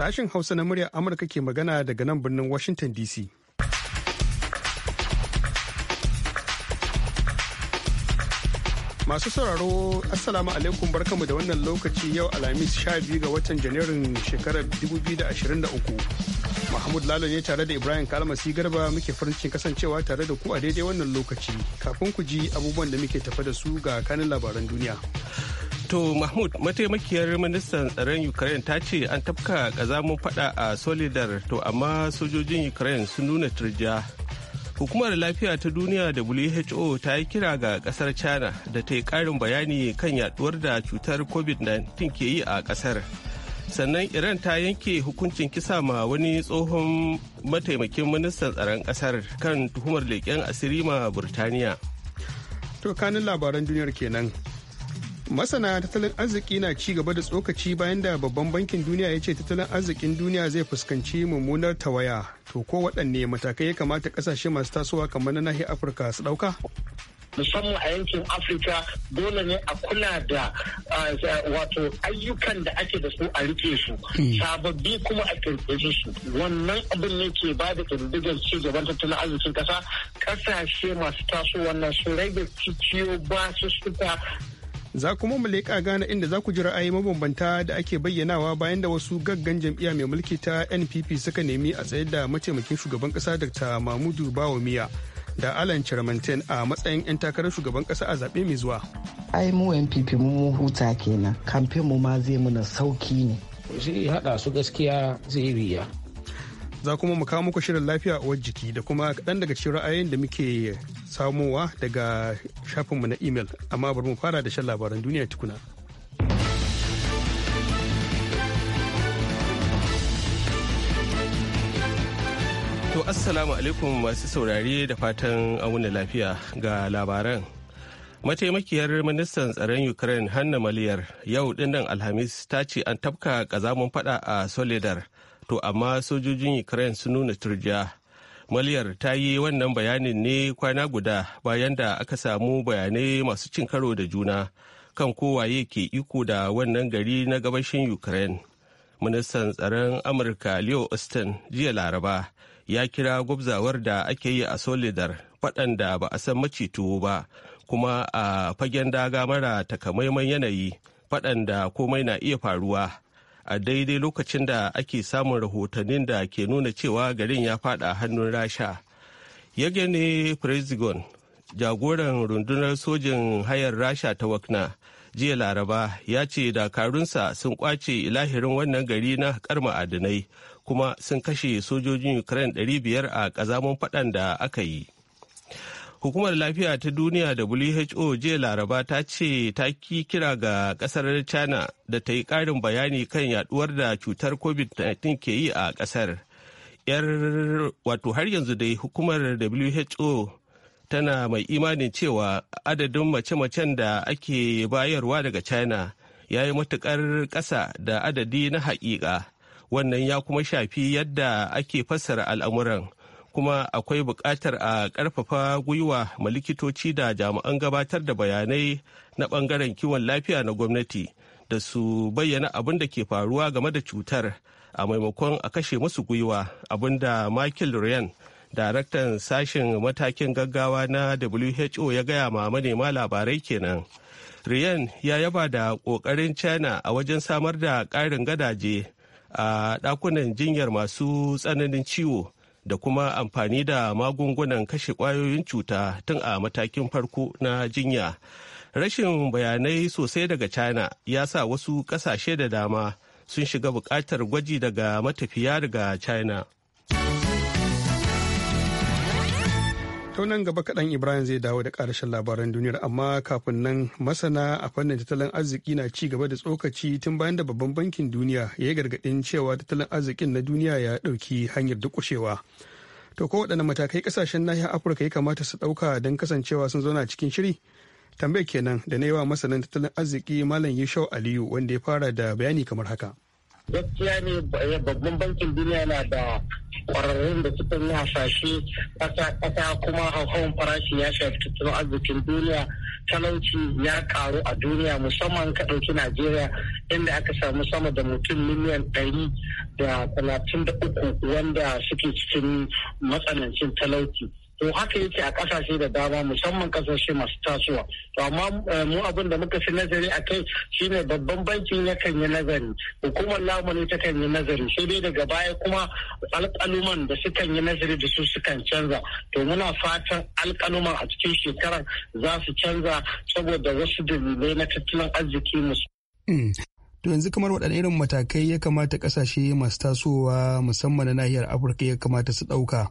Sashen Hausa na muryar Amurka ke magana daga nan birnin Washington DC. Masu sauraro, Assalamu alaikum barkamu da wannan lokaci yau Alhamis biyu ga watan Janairun shekarar 2023. Mahmud Lalo ne tare da Ibrahim Kalmasi Garba muke farin cikin kasancewa tare da ku a daidai wannan lokaci. Kafin ku ji abubuwan da muke tafa da su ga kanin labaran duniya. To Mahmud mataimakiyar ministan tsaron Ukraine ta ce an tafka kazamun fada a Solidar to amma sojojin Ukraine sun nuna turja. Hukumar lafiya ta duniya WHO ta yi kira ga kasar China da ta yi karin bayani kan yaduwar da cutar COVID-19 ke yi a kasar. Sannan Iran ta yanke hukuncin kisa ma wani tsohon mataimakin ministan tsaron kasar kan tuhumar leƙen asiri ma Burtaniya. To labaran duniyar kenan masana tattalin arziki na ci gaba da tsokaci bayan da babban bankin duniya ya ce tattalin arzikin duniya zai fuskanci mummunar tawaya to ko waɗanne matakai ya kamata ƙasashe masu tasowa kamar na nahiyar afirka su ɗauka musamman a yankin afirka dole ne a kula da wato ayyukan da ake da su a rike su hmm. sababbi kuma a kirkiri su wannan abin ne ke ba da kirkirar ci gaban tattalin arzikin kasa kasashe masu tasowa wannan su rage cikiyo ba su suka za kuma mu leƙa gane inda za ku ji ra'ayi mabambanta da ake bayyanawa bayan da wasu gaggan jam'iyya mai mulki ta npp suka nemi a tsayar da mataimakin shugaban kasa dr mahmudu miya da alan chiramantin a matsayin 'yan takarar shugaban ƙasa a zaɓe mai zuwa ai mu npp mu huta kenan kamfe mu ma zai muna sauki ne zai haɗa su gaskiya zai riya za kuma mu kawo muku shirin lafiya a jiki da kuma kaɗan daga cikin ra'ayoyin da muke samowa daga shafinmu na imel amma bari mu fara da shan labaran duniya tukuna. To assalamu alaikum masu saurare da fatan auna lafiya ga labaran. Mataimakiyar ministan tsaron Ukraine Hanna Maliyar yau dinnan Alhamis ta ce an tafka kazamun fada a Soledar to amma sojojin ukraine sun nuna turjiya maliyar ta yi wannan bayanin ne kwana guda bayan da aka samu bayanai masu cin karo da juna kan kowaye ke iko da wannan gari na gabashin ukraine ministan tsaron amurka leo austin jiya laraba ya kira gwabzawar da ake yi a solidar da ba a san macituwo ba kuma a fagen daga mara takamaiman yanayi da komai na iya faruwa a daidai lokacin da ake samun rahotannin da ke nuna cewa garin ya fada hannun rasha yage ne prezigon jagoran rundunar sojin hayar rasha ta wakna jiya laraba ya ce dakarunsa sun kwace ilahirin wannan gari na kar ma'adinai kuma sun kashe sojojin ukraine 500 a ƙazamin faɗan da aka yi Hukumar lafiya ta duniya WHO jiya Laraba ta ce ta ki kira ga kasar China da ta yi ƙarin bayani kan yaduwar da cutar COVID-19 ke yi a ƙasar. Yar wato har yanzu dai hukumar WHO tana mai imanin cewa adadin mace-macen da ake bayarwa daga China ya yi matuƙar ƙasa da adadi na haƙiƙa. Wannan ya kuma shafi yadda ake fassara al'amuran. kuma akwai buƙatar a ƙarfafa gwiwa ma likitoci da jami'an gabatar da bayanai na ɓangaren kiwon lafiya na gwamnati da su bayyana abin da ke faruwa game da cutar a maimakon a kashe musu gwiwa abin da michael ryan daraktan sashen matakin gaggawa na who ya gaya ma manema labarai kenan ryan ya yaba da ƙoƙarin china a wajen samar da ƙarin gadaje a ɗakunan jinyar masu tsananin ciwo da kuma amfani da magungunan kashe kwayoyin cuta tun a matakin farko na jinya rashin bayanai sosai daga china ya sa wasu ƙasashe da dama sun shiga buƙatar gwaji daga matafiya daga china To nan gaba kaɗan Ibrahim zai dawo da ƙarashin labaran duniyar amma kafin nan masana a fannin tattalin arziki na ci gaba da tsokaci tun bayan da babban bankin duniya ya yi gargaɗin cewa tattalin arzikin na duniya ya ɗauki hanyar dukushewa. To ko waɗanne matakai ƙasashen nahiyar Afirka ya kamata su ɗauka don kasancewa sun zauna cikin shiri? Tambayar kenan da na yi wa masanin tattalin arziki Malam Yishau Aliyu wanda ya fara da bayani kamar haka. gaskiya ne eh, babban bankin duniya na da kwararrun da suka yi hasashe kasa ƙasa kuma hauhawan farashi ya shafi tattalin arzikin duniya talauci ya karu a duniya musamman ka ɗauki najeriya inda aka samu sama da mutum miliyan ɗari da talatin da uku wanda suke cikin matsanancin talauci to haka yake a kasashe da dama musamman kasashe masu tasowa to amma eh, mu abin da muka fi nazari a kai shine babban bankin yakan yi nazari hukumar lamuni ta kan yi nazari sai dai daga baya kuma alkaluman da sukan yi nazari da su sukan canza to muna fatan alkaluman a cikin shekarar za su canza saboda wasu dalilai na tattalin arziki musu. Hmm. To yanzu kamar waɗanne irin matakai ya kamata ƙasashe masu tasowa musamman na nahiyar Afirka ya kamata su ɗauka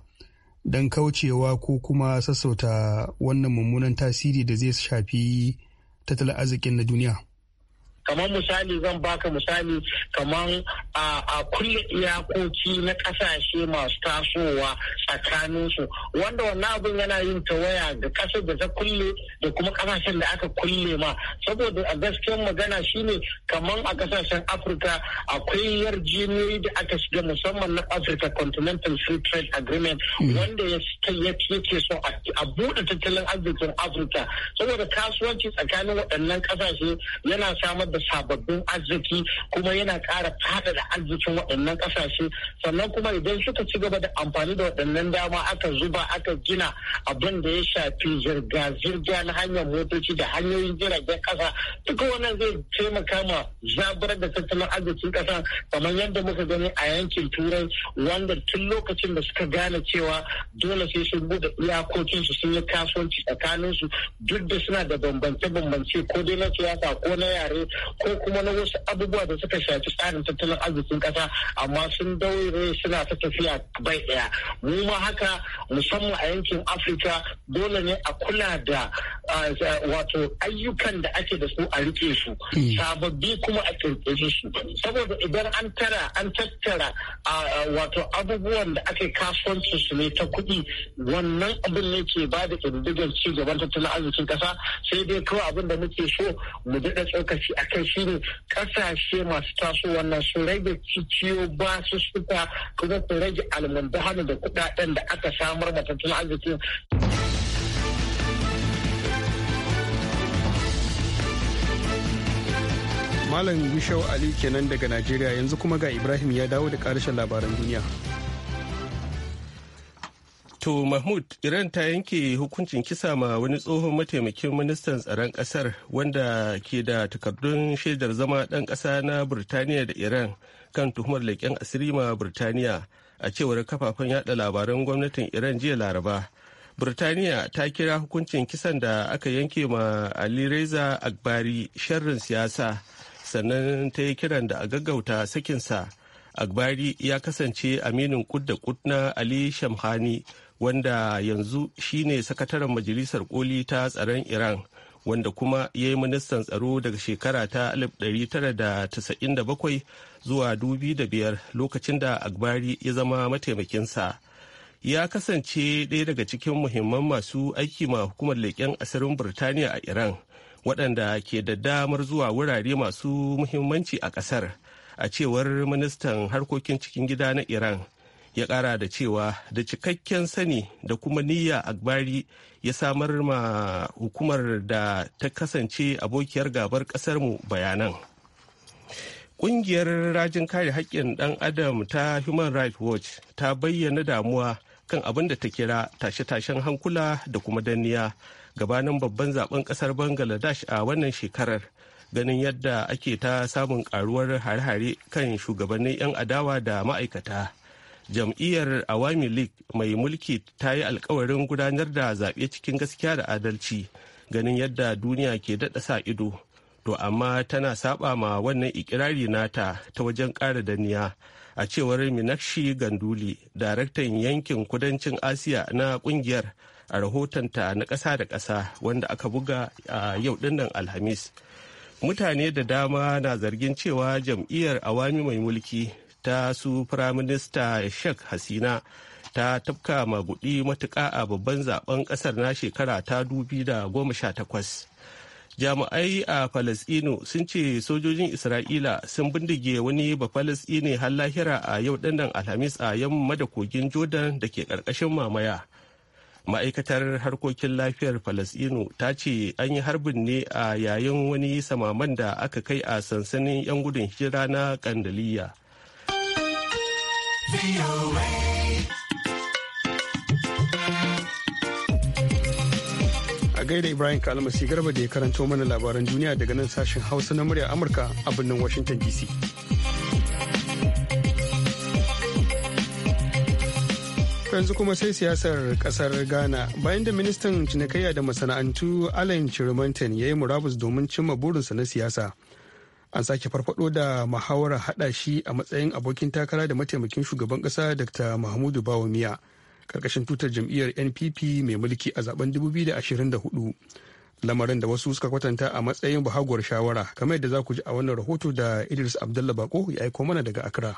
don kaucewa ko kuma sassauta wannan mummunan tasiri da zai shafi tattalin arzikin na duniya. kamar misali zan baka misali kamar a kulle iyakoki na kasashe masu tasowa tsakaninsu wanda wannan abin yana yin tawaya ga kasar da ta kulle da kuma kasashen da aka kulle ma saboda a gaskiyar magana shine kamar a kasashen afirka akwai yarjejeniyoyi da aka shiga musamman na africa continental free trade agreement hmm. wanda ya yake so a buɗe tattalin arzikin afirka saboda kasuwanci tsakanin waɗannan kasashe yana samar da da sababbin arziki kuma yana ƙara faɗaɗa arzikin waɗannan ƙasashe sannan kuma idan suka ci gaba da amfani da waɗannan dama aka zuba aka gina abin da ya shafi zirga-zirga na hanyar motoci da hanyoyin jiragen ƙasa duka wannan zai taimaka ma zabar da tattalin arzikin ƙasa kamar yadda muka gani a yankin turai wanda tun lokacin da suka gane cewa dole sai sun buɗe iyakokinsu sun yi kasuwanci tsakaninsu duk da suna da bambance-bambance ko dai na siyasa ko na yare ko kuma na wasu abubuwa da suka shafi tsarin tattalin arzikin kasa amma sun daure suna ta tafiya bai daya mu ma haka musamman a yankin afirka dole ne a kula da wato ayyukan da ake da su a rike su hmm. sababbi kuma a kirkiri su saboda idan an tara an tattara wato abubuwan da ake kasuwanci su ne ta kuɗi wannan abin ne ke ba da ƙididdigar ci gaban tattalin arzikin ƙasa sai dai kawai abin da muke so mu daɗa tsokaci a kai shine kasashe masu taso wannan su rage ciciyo ba su suka kuma su rage almundahanin da kudaden da aka samar da tattalin arzikin. Malam Yushau Ali kenan daga Najeriya yanzu kuma ga Ibrahim ya dawo da karshen labaran duniya. To Mahmud, Iran ta yanke hukuncin kisa ma wani tsohon mataimakin ministan tsaron ƙasar wanda ke da takardun shaidar zama ɗan ƙasa na Burtaniya da Iran kan tuhumar leƙen asiri ma Burtaniya a cewar kafafen yada labaran gwamnatin Iran jiya Laraba. Burtaniya ta kira hukuncin kisan da aka yanke ma Ali Reza Agbari sharrin siyasa sannan ta yi kiran da a gaggauta sakinsa. agbari ya kasance aminin kud da kud na Ali Shamhani wanda yanzu shine sakataren majalisar koli ta tsaron iran wanda kuma ya yi ministan tsaro daga shekara ta 1997 zuwa 2005 lokacin da agbari ya zama mataimakinsa ya kasance ɗaya daga cikin muhimman masu aiki ma hukumar leƙen asirin birtaniya a iran waɗanda ke da damar zuwa wurare masu muhimmanci a ƙasar a cewar ministan harkokin cikin gida na iran ya kara da cewa da cikakken sani da kuma niyya agbari ya samar ma hukumar da ta kasance abokiyar gabar kasarmu bayanan ƙungiyar rajin kare haƙƙin ɗan adam ta human rights watch ta bayyana damuwa kan abin da ta kira tashe-tashen hankula da kuma danniya gabanin babban zaben kasar bangladesh a wannan shekarar ganin yadda ake ta samun karuwar hare-hare kan shugabannin 'yan adawa da ma'aikata jam'iyyar awami league mai mulki ta yi alkawarin gudanar da zaɓe cikin gaskiya da adalci ganin yadda duniya ke daɗa sa ido to amma tana saba ma wannan ikirari nata ta wajen ƙara daniya a cewar minakshi ganduli daraktan yankin kudancin asiya na ƙungiyar a rahotonta na ƙasa da ƙasa wanda aka buga a yau dinnan alhamis mutane da dama na zargin cewa jam'iyyar awami mai mulki ta su firaminista Sheikh Hasina ta tafka magudi matuƙa a babban zaben ƙasar na shekara ta dubi goma sha takwas. Jami'ai a Falasɗinu sun ce sojojin Isra'ila sun bindige wani Bafalasɗini har lahira a yau ɗannan Alhamis a yamma da kogin Jordan da ke ƙarƙashin mamaya. Ma'aikatar harkokin lafiyar Falasɗinu ta ce an yi harbin ne a yayin wani samaman da aka kai a sansanin 'yan gudun hijira na Kandaliya. A gaida Ibrahim Kalmasi Garba da ya karanto mana labaran duniya daga nan sashen Hausa na murya Amurka a birnin Washington DC. yanzu kuma sai siyasar kasar ghana bayan da ministan cinikayya da masana'antu alain chirimantin ya yi murabus domin cimma burinsa na siyasa an sake farfado da muhawara hada shi a matsayin abokin takara da mataimakin shugaban kasa dr mahmudu bawumia karkashin tutar jam'iyyar npp mai mulki a zaben 2024 lamarin da wasu suka kwatanta a matsayin bahaguwar shawara kamar yadda za ku ji a wannan rahoto da idris abdullah bako ya aiko mana daga accra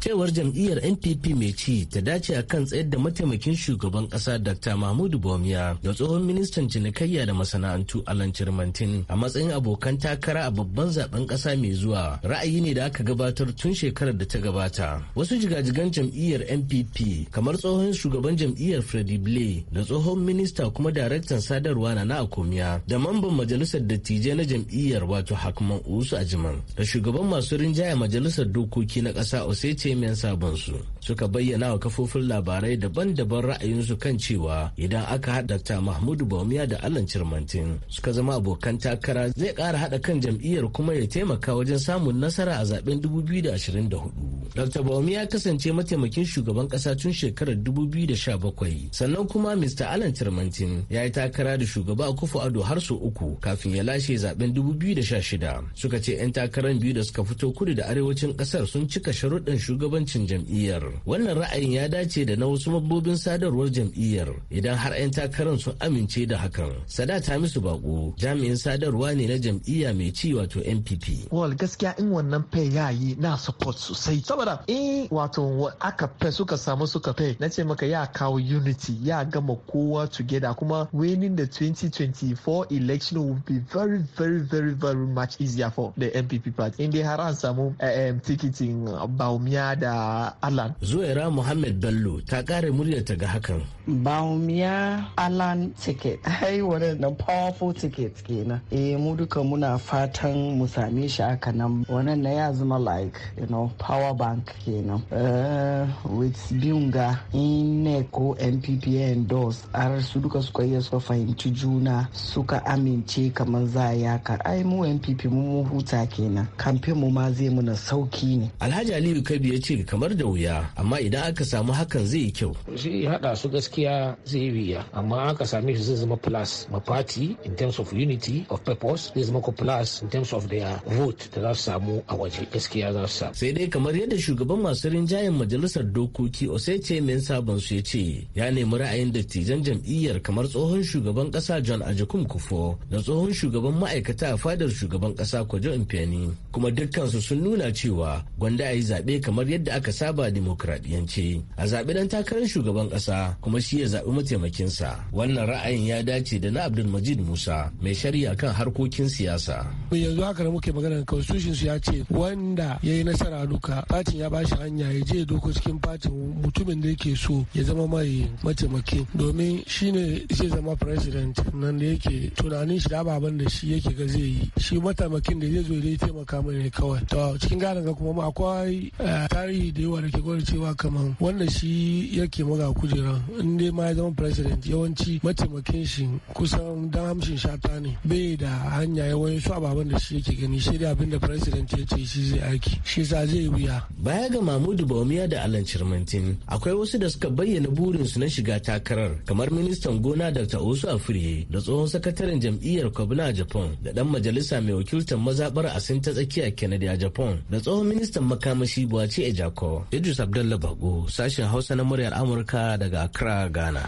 cewar jam'iyyar npp mai ci ta dace a kan tsayar da mataimakin shugaban ƙasa dr mahmudu bomiya da tsohon ministan cinikayya da masana'antu alan cirmantin a matsayin abokan takara a babban zaben ƙasa mai zuwa ra'ayi ne da aka gabatar tun shekarar da ta gabata wasu jigajigan jam'iyyar npp kamar tsohon shugaban jam'iyyar freddy blay da tsohon minista kuma daraktan sadarwa na na akomiya da mamban majalisar dattijai na jam'iyyar wato hakman usu ajiman da shugaban masu rinjaya majalisar dokoki na kasa ce. sabon sabonsu suka bayyana wa kafofin labarai daban-daban ra'ayinsu kan cewa idan aka haɗa ta mahmudu baumiya da allan cirmantin suka zama abokan takara zai ƙara haɗa kan jam'iyyar kuma ya taimaka wajen samun nasara a zaben 2024 dr ya kasance mataimakin shugaban ƙasa tun shekarar 2017 sannan kuma mr allan cirmantin ya yi takara da shugaba a kufu ado har sau uku kafin ya lashe zaben 2016 suka ce 'yan takarar biyu da suka fito kudu da arewacin ƙasar sun cika sharuɗin shugabancin jam'iyyar wannan ra'ayin ya dace da na wasu mambobin sadarwar jam'iyyar idan har 'yan takarar sun amince da hakan sada ta musu bako jami'in sadarwa ne na jam'iyya mai ci wato npp wal gaskiya in wannan fe ya yi na support sosai saboda in wato aka fe suka samu suka fe na ce maka ya kawo unity ya gama kowa together kuma winning the 2024 election will be very very very very much easier for the npp party in dai har an samu eh, eh, tikitin baumia Kenya da Alan. Zuwaira Muhammad Bello ta kare muryarta ga hakan. Baumia Alan ticket, ai wadannan powerful ticket kenan. Eh mu duka muna fatan mu same shi haka nan. Wannan na ya zama like, you know, power bank kenan. Uh, with Biunga, INEC ko NPP e, endorse, har su duka suka iya suka fahimci juna suka amince kamar za yaka. Ai mu NPP mu huta kenan. Kamfe mu ma zai muna sauki ne. Alhaji Aliyu Kabi ya ce kamar da wuya amma idan aka samu hakan zai yi kyau shi haɗa su gaskiya zai yi wuya amma aka same shi zai zama plus ma party in terms of unity of purpose zai zama ko plus in terms of their vote da za su samu a waje gaskiya za su samu sai dai kamar yadda shugaban masu rinjayen majalisar dokoki osece men sabon su ya ce ya nemi ra'ayin dattijan jam'iyyar kamar tsohon shugaban kasa john ajakum kufo da tsohon shugaban ma'aikata a fadar shugaban kasa kwajo impiani kuma dukkansu sun nuna cewa gwanda a yi zaɓe kamar kamar yadda aka saba dimokuraɗiyance a zaɓi ɗan takarar shugaban ƙasa kuma shi ya zaɓi mataimakinsa wannan ra'ayin ya dace da na abdul majid musa mai shari'a kan harkokin siyasa yanzu haka da muke magana constitution su ya ce wanda ya yi nasara duka fatin ya bashi hanya ya je doko cikin fatin mutumin da yake so ya zama mai mataimaki domin ne zai zama president nan da yake tunanin shi da ababen da shi yake ga zai yi shi mataimakin da zai zo ya taimaka mai ne kawai to cikin gane ga kuma akwai eh, tarihi da yawa da ke gwada cewa kamar wanda shi yake maga kujera in ma ya zama president yawanci mataimakin shi kusan dan hamshin shata ne bai da hanya su ababen da shi yake gani shi da abin da president ya ce shi zai aiki shi sa zai wuya. Baya ga Mahmudu Bawumiya da Alan Cirmantin akwai wasu da suka bayyana burin su na shiga takarar kamar ministan gona Dr. Osu Afure da tsohon sakataren jam'iyyar kwabna a Japan da dan majalisa mai wakiltar mazabar Asin ta tsakiya Kennedy a Japan da tsohon ministan makamashi Buachi Bauchi jako. Idris Abdullah Bago, sashen Hausa na muryar Amurka daga Accra, Ghana.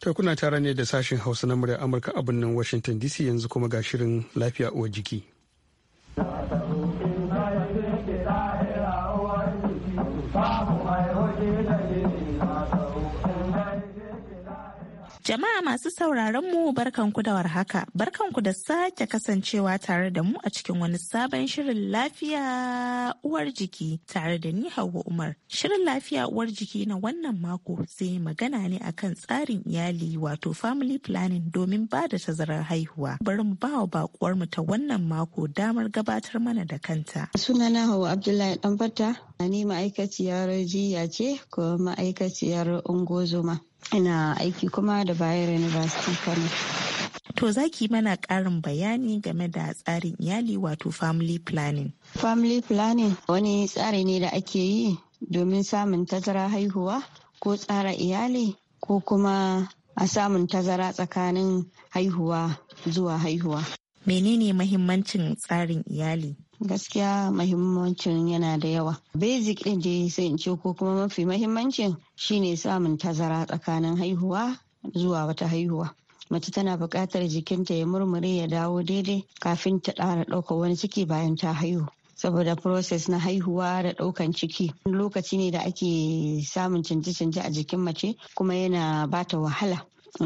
To kuna tare ne da sashen Hausa na muryar Amurka a birnin Washington DC yanzu kuma ga shirin lafiya uwa jiki. Jama'a masu sauraron mu barkanku da warhaka, barkanku da sake kasancewa tare da mu a cikin wani sabon shirin lafiya uwar jiki tare da ni Hauwa Umar. Shirin lafiya uwar jiki na wannan mako sai magana ne akan tsarin iyali wato family planning domin ba da tazarar haihuwa. Bari mu ba wa bakuwar mu ta wannan mako damar gabatar mana da kanta. Sunana Hauwa Abdullahi Danbata, ni ma'aikaciyar jiya ce ko ma'aikaciyar ungozoma. ina aiki kuma da bayero university kano To za ki mana ƙarin bayani game da tsarin iyali wato family planning. Family planning wani tsari ne da ake yi domin samun tazara haihuwa ko tsara iyali ko kuma a samun tazara tsakanin haihuwa zuwa haihuwa. Menene mahimmancin tsarin iyali? gaskiya mahimmancin yana da yawa basic din dai sai in ce ko kuma mafi mahimmancin shine samun tazara tsakanin haihuwa zuwa wata haihuwa mace tana buƙatar jikinta ya murmure ya dawo daidai kafin ta ɗara ɗauka wani ciki bayan ta haihu saboda process na haihuwa da ɗaukan ciki lokaci ne da ake samun canje-canje a jikin mace kuma yana bata wahala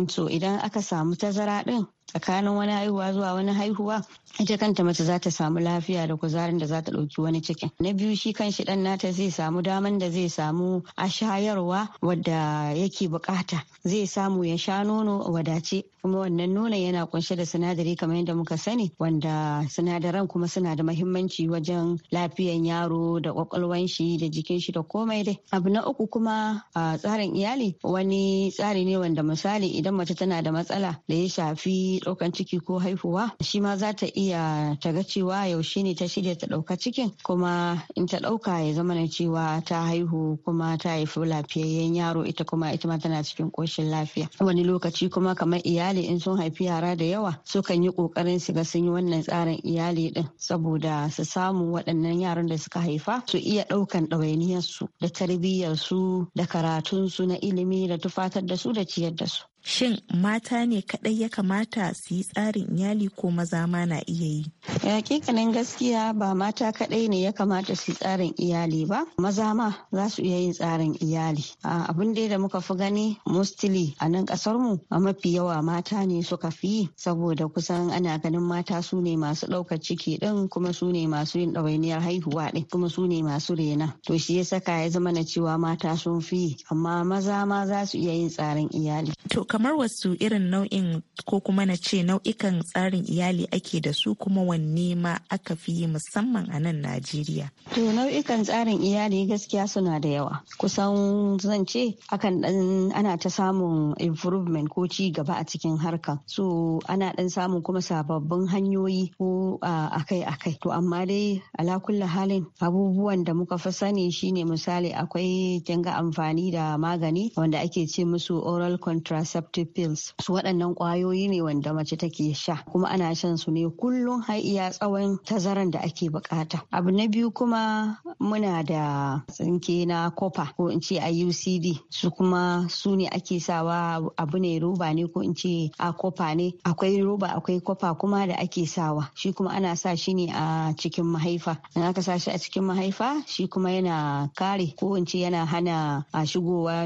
so idan aka samu tazara ɗin tsakanin wani haihuwa zuwa wani haihuwa ita kanta mace za ta samu lafiya da kuzarin da za ta ɗauki wani cikin na biyu shi kan shi ɗan nata zai samu daman da zai samu a shayarwa wadda yake bukata zai samu ya sha nono wadace kuma wannan nonon yana kunshe da sinadari kamar yadda muka sani wanda sinadaran kuma suna da mahimmanci wajen lafiyan yaro da kwakwalwan shi da jikin shi da komai dai abu na uku kuma a tsarin iyali wani tsari ne wanda misali idan mace tana da matsala da ya shafi ɗaukan ciki ko haihuwa shi ma za ta iya ta ga cewa yaushe ne ta shirya ta ɗauka cikin kuma in ta ɗauka ya zama na cewa ta haihu kuma ta haifi lafiyayyen yaro ita kuma ita ma tana cikin koshin lafiya wani lokaci kuma kamar iyali in sun haifi yara da yawa sukan yi ƙoƙarin su ga sun yi wannan tsarin iyali din saboda su samu waɗannan yaran da suka haifa su iya ɗaukan ɗawainiyarsu da tarbiyyarsu da karatunsu na ilimi da tufatar da su da ciyar da su Shin mata ne kaɗai ya kamata su yi tsarin iyali ko maza ma na iya yi? Eh, hakikanin gaskiya ba mata kaɗai ne ya kamata su yi tsarin iyali ba, maza ma za su iya yin tsarin iyali. Abin da muka fi gani mostly a nan ƙasarmu a mafi yawa mata ne suka fi yi saboda kusan ana ganin mata su ne masu ɗaukar ciki ɗin kuma su ne masu yin ɗawainiyar haihuwa ɗin kuma su ne masu rena. To shi ya saka ya zama na cewa mata sun fi amma maza ma za su iya yin tsarin iyali. kamar wasu irin nau'in ko kuma na ce nau'ikan tsarin iyali ake da su kuma wanne ma aka fi yi musamman a nan Najeriya? To nau'ikan tsarin iyali gaskiya suna da yawa. Kusan zan ce akan dan ana ta samun improvement ko ci gaba a cikin harkar. So ana dan samun kuma sababbin hanyoyi ko akai-akai. To amma dai ala halin abubuwan da muka fi sani shine misali akwai kinga amfani da magani wanda ake ce musu oral contraceptive contraceptive pills su waɗannan ƙwayoyi ne wanda mace take sha kuma ana shan su ne kullum har tsawon tazaran da ake bukata abu na biyu kuma muna da tsinke na copper ko in ce IUCD su kuma su ne ake sawa abu ne roba ne ko in ce a copper ne akwai roba akwai copper kuma da ake sawa shi kuma ana sa shi ne a cikin mahaifa in aka sa shi a cikin mahaifa shi kuma yana kare ko in ce yana hana a shigowa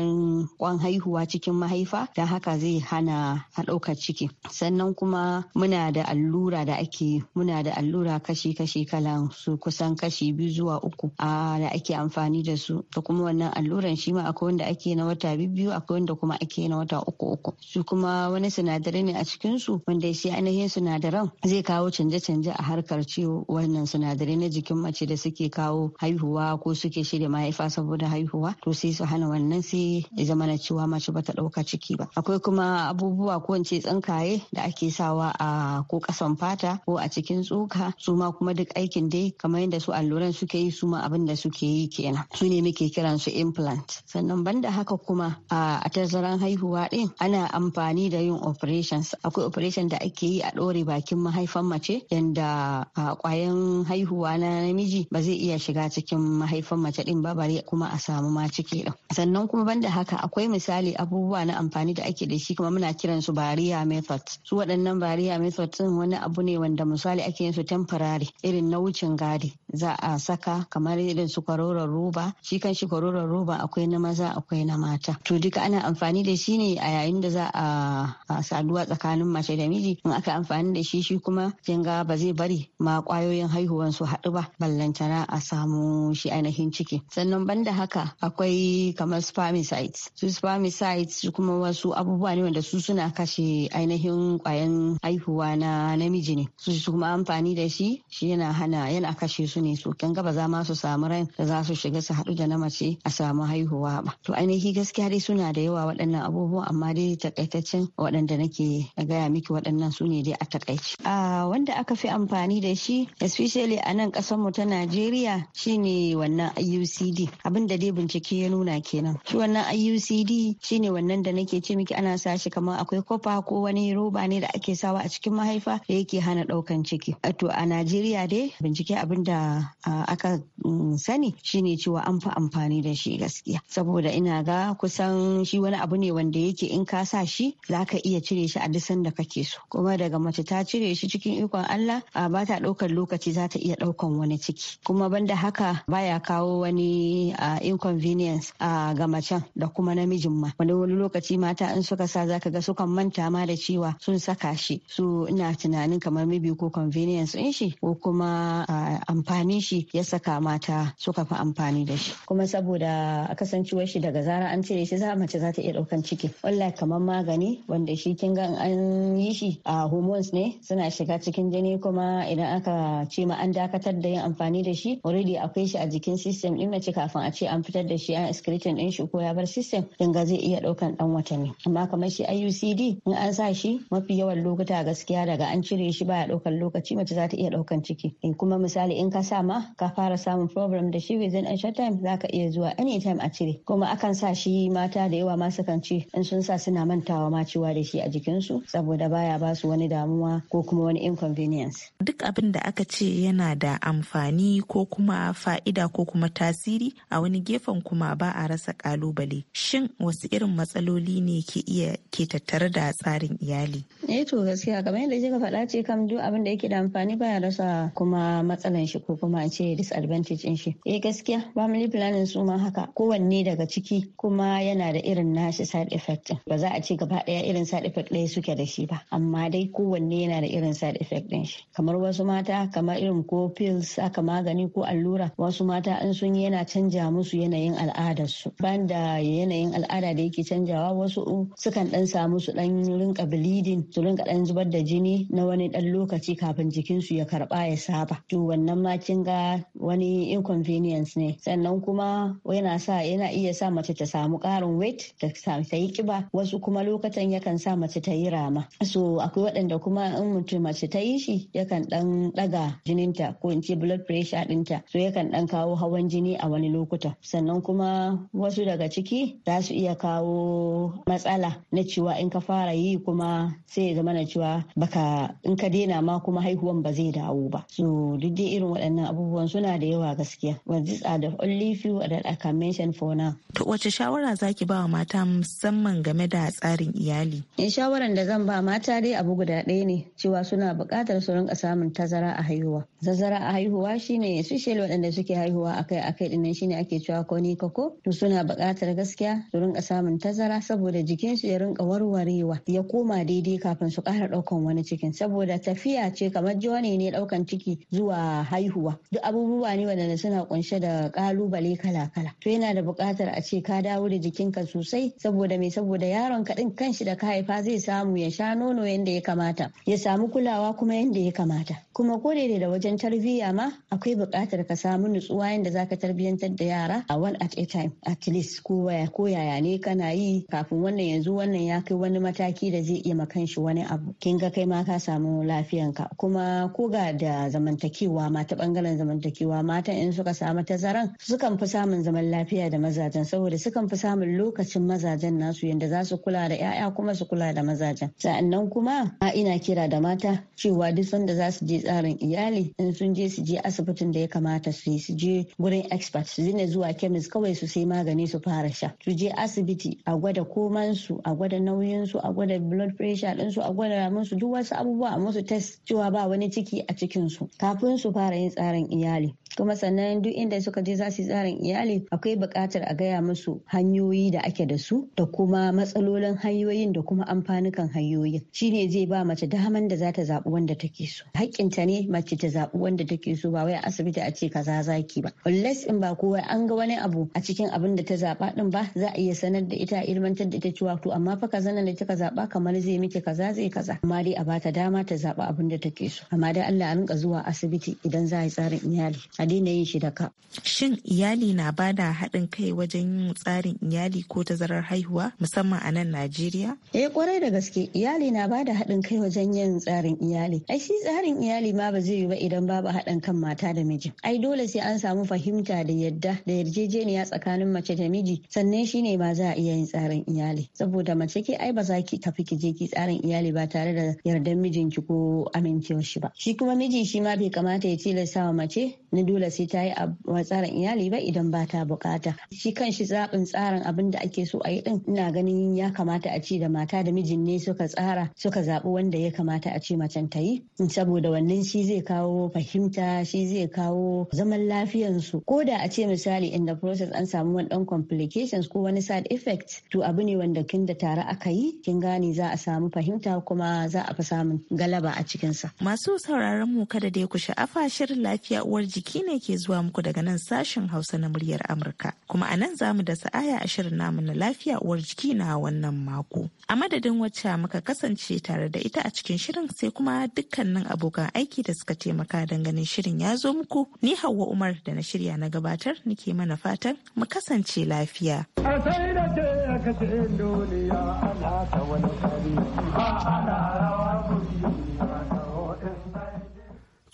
kwan haihuwa cikin mahaifa don haka haka zai hana ɗaukar ciki sannan kuma muna da allura da ake muna da allura kashi-kashi kalan su kusan kashi biyu zuwa uku a da ake amfani da su da kuma wannan alluran shi ma akwai wanda ake na wata biyu akwai wanda kuma ake na wata uku uku su kuma wani sinadarai ne a cikin su wanda shi ainihin sinadaran zai kawo canje-canje a harkar ciwo wannan sinadarai na jikin mace da suke kawo haihuwa ko suke shirya mahaifa saboda haihuwa to sai su hana wannan sai ya zama na cewa mace bata ɗauka ciki ba akwai akwai kuma abubuwa ko ce tsinkaye da ake sawa a ko kasan fata ko a cikin tsoka su ma kuma duk aikin dai kamar yadda su alluran suke yi su ma abin da suke yi kenan su ne muke kiran su implant sannan banda haka kuma a tazaran haihuwa din ana amfani da yin operations akwai operation da ake yi a ɗore bakin mahaifan mace yanda kwayan haihuwa na namiji ba zai iya shiga cikin mahaifan mace din ba bare kuma a samu ma ciki din sannan kuma banda haka akwai misali abubuwa na amfani da ake ake da shi kuma muna kiran su bariya method su waɗannan bariya method sun wani abu ne wanda misali ake yin su temporary irin na wucin gadi za a saka kamar irin su kwaroron roba shi kan shi kwaroron roba akwai na maza akwai na mata to duka ana amfani da shi ne a yayin da za a saduwa tsakanin mace da miji in aka amfani da shi shi kuma kinga ba zai bari ma kwayoyin haihuwan su haɗu ba ballantana a samu shi ainihin ciki sannan banda haka akwai kamar spermicides su spermicides kuma wasu abubuwa abubuwa ne wanda su suna kashe ainihin kwayan haihuwa na namiji ne su su kuma amfani da shi shi yana hana yana kashe su ne so kan gaba za ma su samu ran da za su shiga su haɗu da na mace a samu haihuwa ba to ainihi gaskiya dai suna da yawa waɗannan abubuwa amma dai takaitaccen waɗanda nake gaya miki waɗannan su ne dai a takaici a wanda aka fi amfani da shi especially a nan ƙasar mu ta Najeriya shine wannan IUCD abin dai bincike ya nuna kenan shi wannan IUCD shine wannan da nake ce miki ana sa shi kamar akwai kofa ko wani roba ne da ake sawa a cikin mahaifa da yake hana ɗaukan ciki to a najeriya dai bincike abin da aka mm, sani shine cewa an fi amfani da shi gaskiya saboda ina ga kusan shi wani abu ne wanda yake in ka sa shi za ka iya cire shi a duk da kake so kuma daga mace ta cire shi cikin ikon Allah ba ta ɗaukan lokaci za ta iya ɗaukan wani ciki kuma banda haka baya kawo wani inconvenience ga macen da kuma namijin ma wani lokaci mata in so. suka sa zaka ga sukan manta ma da cewa sun saka shi su ina tunanin kamar mibi ko convenience in shi ko kuma amfanin shi ya saka mata suka fi amfani da shi kuma saboda kasancewar shi daga zara an cire shi za mace za ta iya daukan ciki wallahi kamar magani wanda shi kin ga an yi shi a hormones ne suna shiga cikin jini kuma idan aka ce ma an dakatar da yin amfani da shi already akwai shi a jikin system din mace kafin a ce an fitar da shi an excretin din shi ko ya bar system din ga zai iya daukan dan watanni amma kamar shi IUCD in an sa shi mafi yawan lokuta gaskiya daga an cire shi baya ɗaukan lokaci mace za ta iya ɗaukan ciki in eh, kuma misali in ka sa ma ka fara samun problem da shi within a short time za ka iya zuwa anytime a cire kuma akan sa shi mata da yawa ma sukan ce in sun sa suna mantawa ma ciwa da shi a jikin su saboda baya ba su wani damuwa ko kuma wani inconvenience duk abin da aka ce yana da amfani ko kuma fa'ida ko kuma tasiri a wani gefen kuma ba a rasa kalubale shin wasu irin matsaloli ne ke iya ke tattare da tsarin iyali. Eh to gaskiya kamar yadda kika faɗa ce kam duk abin da yake da amfani baya rasa kuma matsalan shi ko kuma a ce disadvantage in shi. Eh gaskiya family planning su ma haka kowanne daga ciki kuma yana da irin nashi side effect ba za a ce gaba ɗaya irin side effect ɗaya suke da shi ba amma dai kowanne yana da irin side effect ɗin shi kamar wasu mata kamar irin ko pills aka magani ko allura wasu mata in sun yi yana canja musu yanayin al'adarsu banda yanayin al'ada da yake canjawa wasu sukan dan samu su dan rinka bleeding su rinka dan zubar da jini na wani dan lokaci kafin jikin su ya karba ya saba to wannan ma kin ga wani inconvenience ne sannan kuma yana sa yana iya sa mace ta samu karin weight ta yi kiba wasu kuma lokacin yakan sa mace ta yi rama so akwai waɗanda kuma in mutum mace ta yi shi yakan dan daga jininta ko in ce blood pressure dinta so yakan dan kawo hawan jini a wani lokuta sannan kuma wasu daga ciki za su iya kawo matsala matsala na cewa in ka fara yi kuma sai ya zama na cewa baka in ka daina ma kuma haihuwan ba zai dawo ba so duk dai irin waɗannan abubuwan suna da yawa gaskiya but these are the only few that I can mention for now to wace shawara zaki ba wa mata musamman game da tsarin iyali in eh, shawaran da zan ba mata dai abu guda ɗaya ne cewa suna buƙatar su rinka samun tazara a haihuwa tazara a haihuwa shine shele waɗanda suke haihuwa akai akai dinnan shine ake cewa ko ni ko? to suna buƙatar gaskiya su rinka samun tazara saboda jikin su ya rinka warwarewa ya koma daidai kafin su kara daukan wani cikin saboda tafiya ce kamar jone ne ɗaukan ciki zuwa haihuwa duk abubuwa ne wadanda suna kunshe da kalubale kala-kala to yana da bukatar a ce ka dawo da jikinka sosai saboda mai saboda yaron ka din kanshi da ka haifa zai samu ya sha nono yadda ya kamata ya samu kulawa kuma yadda ya kamata kuma ko da wajen tarbiyya ma akwai bukatar ka samu nutsuwa yadda zaka tarbiyyantar da yara a one at a time at least ko ko yaya ne kana yi kafin wannan yanzu yanzu wannan ya kai wani mataki da zai iya makan shi wani abu kin ga kai ma ka samu lafiyanka kuma ko da zamantakewa ma ta bangaren zamantakewa matan in suka samu tazaran sukan fi samun zaman lafiya da mazajen saboda sukan fi samun lokacin mazajen nasu yanda za su kula da 'ya'ya kuma su kula da mazajen sa'annan kuma a ina kira da mata cewa duk sanda za su je tsarin iyali in sun je su je asibitin da ya kamata su yi su je gurin expert su zuwa kemis kawai su sai magani su fara sha su je asibiti a gwada komansu. su a gwada nauyin su a gwada blood pressure din su a gwada musu duk wasu abubuwa a musu test cewa ba wani ciki a cikin su kafin su fara yin tsarin iyali kuma sannan duk inda suka je za su tsarin iyali akwai buƙatar a gaya musu hanyoyi da ake da su da kuma matsalolin hanyoyin da kuma amfanukan hanyoyin shine zai ba mace daman da za ta zaɓi wanda take so ta ne mace ta zaɓi wanda take so ba wai asibiti a ce kaza zaki ba unless in ba kowa an ga wani abu a cikin abin da ta zaɓa din ba za a iya sanar da ita ilmantar da ita cewa to amma fa kaza nan da kika zaɓa kamar zai miki kaza zai kaza amma dai a bata dama ta zaɓa abin da take so amma dai Allah a rinka zuwa asibiti idan za a yi tsarin iyali a daina yin shi da ka. Shin iyali na bada haɗin kai wajen yin tsarin iyali ko tazarar haihuwa musamman a nan Najeriya? Eh kwarai da gaske iyali na bada haɗin kai wajen yin tsarin iyali. Ai shi tsarin iyali ma ba zai yi ba idan babu haɗin kan mata da miji. Ai dole sai an samu fahimta da yadda da yarjejeniya tsakanin mace da miji sannan shine ma za a iya yin tsarin iyali. Saboda mace ke ai ba za ki tafi ki je ki tsarin iyali ba tare da yardan mijinki ko amincewar shi ba. Shi kuma miji shi ma bai kamata ya tilasta wa mace na dole sai ta yi a tsarin iyali ba idan ba ta bukata shi kan shi zaɓin tsarin abin da ake so a yi din ina ganin ya kamata a ce da mata da mijin ne suka tsara suka zaɓi wanda ya kamata a ce macen ta yi saboda wannan shi zai kawo fahimta shi zai kawo zaman lafiyansu ko da a ce misali in the process an samu wani dan complications ko wani side effect to abu ne wanda kin da tare aka yi kin gane za a samu fahimta kuma za a fi samun galaba a cikinsa. Masu sauraron mu kada dai ku sha'afa shirin lafiya uwar jiki jiki ne ke zuwa muku daga nan sashen Hausa na muryar Amurka. Kuma a nan za mu da sa'aya a shirin namu na lafiya uwar jiki na wannan mako. A madadin wacce muka kasance tare da ita a cikin shirin sai kuma dukkanin abokan aiki da suka taimaka don ganin shirin ya zo muku. Ni Hauwa Umar da na shirya na gabatar nike mana fatan mu kasance lafiya. A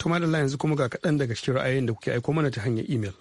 Tuma da yanzu kuma ga kaɗan daga cikin ra'ayoyin da kuke aiko mana ta hanyar imel.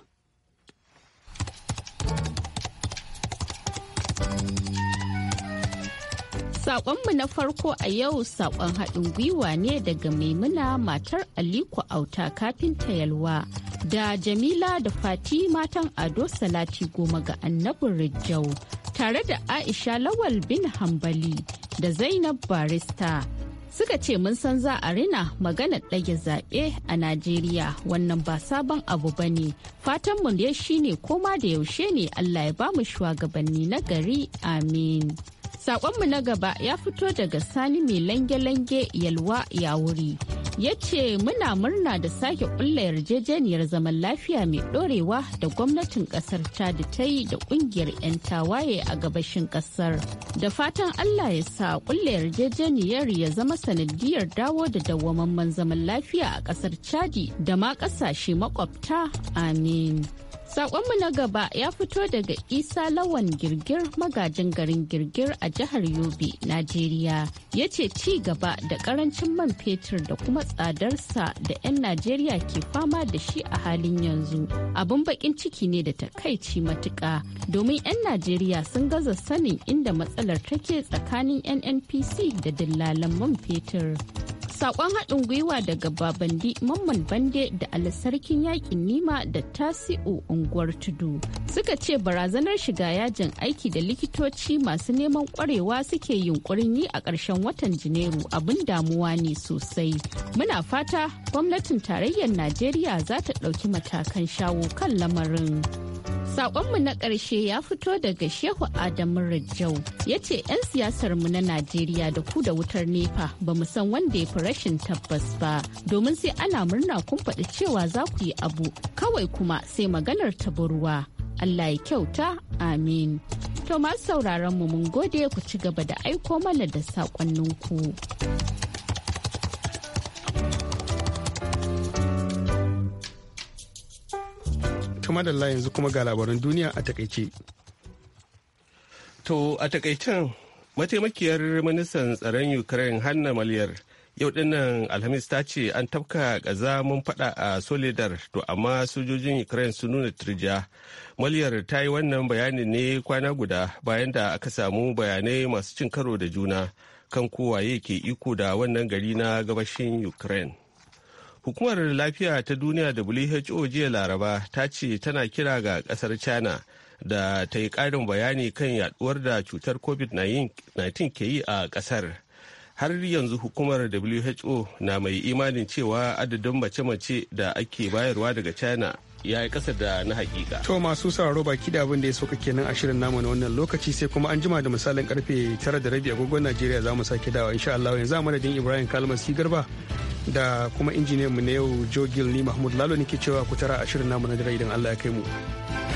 saƙonmu na farko a yau saƙon haɗin gwiwa ne daga Maimuna matar Aliko Auta kafinta yalwa da Jamila da Fati matan Ado Salati goma ga annabin Rijau tare da Aisha Lawal bin Hambali da Zainab Barista suka ce mun san za a rina magana ɗage zaɓe a najeriya wannan ba sabon abu ba ne fatanmu da shine koma da yaushe ne allah ya bamu shugabanni na gari amin saƙonmu na gaba ya fito daga sani mai lange-lange yalwa ya wuri ya ce muna murna da sake kulla yarjejeniyar zaman lafiya mai dorewa da gwamnatin kasar chad ta yi da kungiyar 'yan tawaye a gabashin kasar da fatan allah ya sa kulla yarjejeniyar ya zama sanadiyar dawo da dawwamamman zaman lafiya a kasar chadi da ma kasashe makwabta amin Sakonmu na gaba ya fito daga Isa Lawan Girgir magajin garin Girgir a jihar Yobe, Najeriya. Ya ce ci gaba da karancin man fetur da kuma tsadarsa da 'yan Najeriya ke fama da shi a halin yanzu. Abin bakin ciki ne da takaici matuka domin 'yan Najeriya sun gaza sanin inda matsalar take tsakanin NNPC da dillalan man fetur. sakon haɗin gwiwa daga babandi mamman bande da alasarkin yakin nima da tasi'o. unguwar tudu suka ce barazanar shiga yajin aiki da likitoci masu neman kwarewa suke yunkurin yi a ƙarshen watan janairu abin damuwa ne sosai muna fata gwamnatin tarayyar najeriya za ta ɗauki matakan shawo kan lamarin Sakonmu na ƙarshe ya fito daga Shehu Adamu Rajau ya ce 'yan mu na Najeriya da ku da wutar nepa ba mu san wanda ya fi rashin tabbas ba domin sai ana murna kun faɗi cewa za ku yi abu kawai kuma sai maganar tabarwa. Allah ya kyauta amin. To masu sauraron mu mun gode ku ci gaba da aiko mana da saƙonninku. ta madalla yanzu kuma ga labaran duniya a takaice. To a takaicen mataimakiyar ministan tsaron Ukraine Hanna Maliyar yau dinnan Alhamis ta ce an tafka mun fada a Solidar to amma sojojin Ukraine sun nuna turja. Maliyar ta yi wannan bayani ne kwana guda bayan da aka samu bayanai masu cin karo da juna kan kowaye ke iko da wannan gari na gabashin Ukraine. Hukumar lafiya ta duniya WHO jiya Laraba ta ce tana kira ga kasar China da ta yi ƙarin bayani kan yaduwar da cutar COVID-19 ke yi a kasar Har yanzu hukumar WHO na mai imanin cewa adadin mace-mace da ake bayarwa daga China ya yi da na hakika. To masu sauraro baki da abin da ya sauka kenan a shirin namu na wannan lokaci sai kuma an jima da misalin karfe tara da rabi agogon Najeriya za mu sake dawa insha Allah yanzu a madadin Ibrahim Kalmasi Garba da kuma injiniyan mu na yau Joe ni Mahmud Lalo ke cewa ku tara a shirin namu na dare idan Allah ya kai mu.